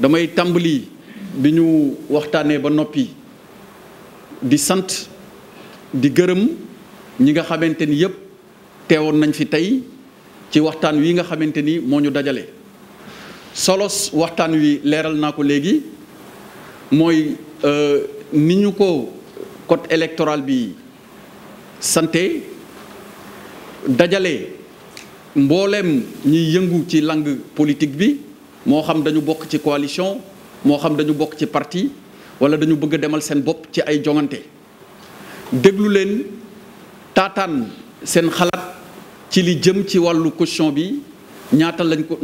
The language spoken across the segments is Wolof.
damay tàmbali bi ñu waxtaanee ba noppi di sant di gërëm ñi nga xamante ni yëpp teewoon nañ fi tey ci waxtaan wi nga xamante ni moo ñu dajale. solos waxtaan wi leeral naa ko léegi mooy euh, ni ñu ko code électoral bi sante dajale mbooleem ñiy yëngu ci langue politique bi. moo xam dañu bokk ci coalition moo xam dañu bokk ci parti wala dañu bëgg demal seen bopp ci ay jongante déglu leen taataan seen xalaat ci li jëm ci wàllu caution bi ñaata lañ ko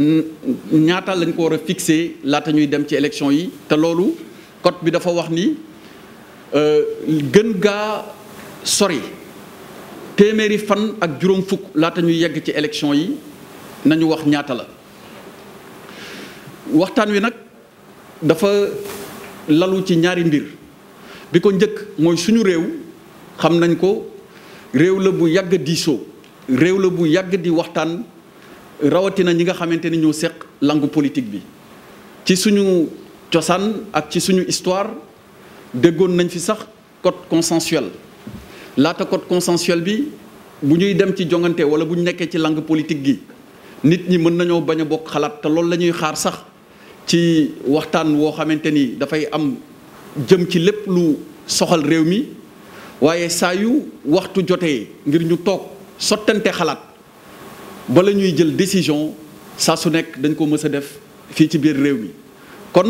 ñaata lañ ko war a fixé laata ñuy dem ci élection yi te loolu code bi dafa wax ni euh, gën gaa sori téeméeri fan ak juróom fukk laata ñuy yegg ci élection yi nañu wax ñaata la waxtaan wi nag dafa lalu ci ñaari mbir bi ko njëkk mooy suñu réew xam nañ ko réew la bu yàgg diisoo réew la bu yàgg di waxtaan rawatina ñi nga xamante ni ñu seq langue politique bi ci suñu cosaan ak ci suñu histoire déggoon nañ fi sax code consensuel laata code consensuel bi bu ñuy dem ci jongante wala bu ñu nekkee ci langue politique gi nit ñi mën nañoo bañ a bokk xalaat te loolu la ñuy xaar sax ci waxtaan woo xamante ni dafay am jëm ci lépp lu soxal réew mi waaye saa yu waxtu jotee ngir ñu toog sottante xalaat bala ñuy jël décision saa su nekk dañ ko mës a def fii ci biir réew mi kon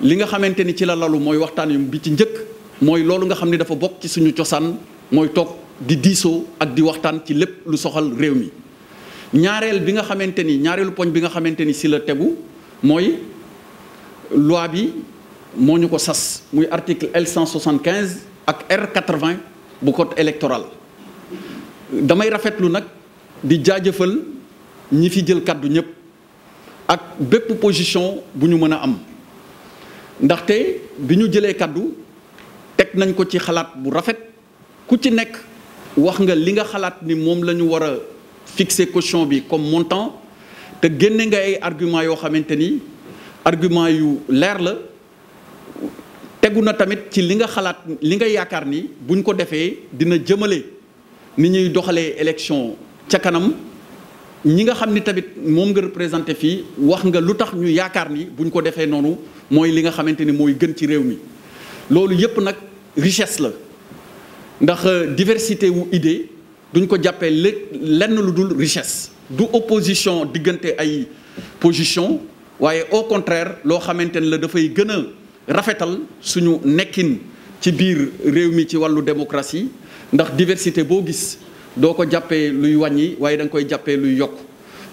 li nga xamante ni ci la lalu mooy waxtaan yu bi ci njëkk mooy loolu nga xam ni dafa bokk ci suñu cosaan mooy toog di diisoo ak di waxtaan ci lépp lu soxal réew mi ñaareel bi nga xamante ni ñaareelu poñ bi nga xamante ni si la tegu mooy loi bi moo ñu ko sas muy article L 175 ak R 80 bu code électoral damay rafetlu nag di jaajëfal ñi fi jël kàddu ñëpp ak bépp position bu ñu mën a am ndaxte bi ñu jëlee kàddu teg nañ ko ci xalaat bu rafet ku ci nekk wax nga li nga xalaat ni moom la ñu war a fixer caution bi comme montant te génne nga ay argument yoo xamante ni argument yu leer la tegu na tamit ci li nga xalaat li nga yaakaar ni buñ ko defee dina jëmale ni ñuy doxalee élection ca kanam ñi nga xam ni tamit moom nga représenté fii wax nga lu tax ñu yaakaar ni buñ ko defee noonu mooy li nga xamante ni mooy gën ci réew mi loolu yépp nag richesse la ndax euh, diversité wu idée duñ ko jàppee lenn lu dul richesse du opposition diggante ay position waaye au contraire loo xamante ni la dafay gën a rafetal suñu nekkin ci biir réew mi ci wàllu démocratie ndax diversité boo gis doo ko jàppee luy wàññi waaye da koy jàppee luy yokk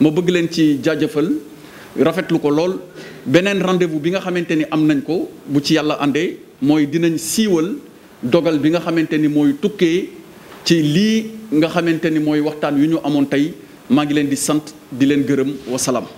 ma bëgg leen ci jaajëfal rafetlu ko lool beneen rendez-vous bi nga xamante ni am nañ ko bu ci yàlla àndee mooy dinañ siiwal dogal bi nga xamante ni mooy tukkee ci lii nga xamante ni mooy waxtaan yu ñu amoon tey maa ngi leen di sant di leen gërëm wasalaam.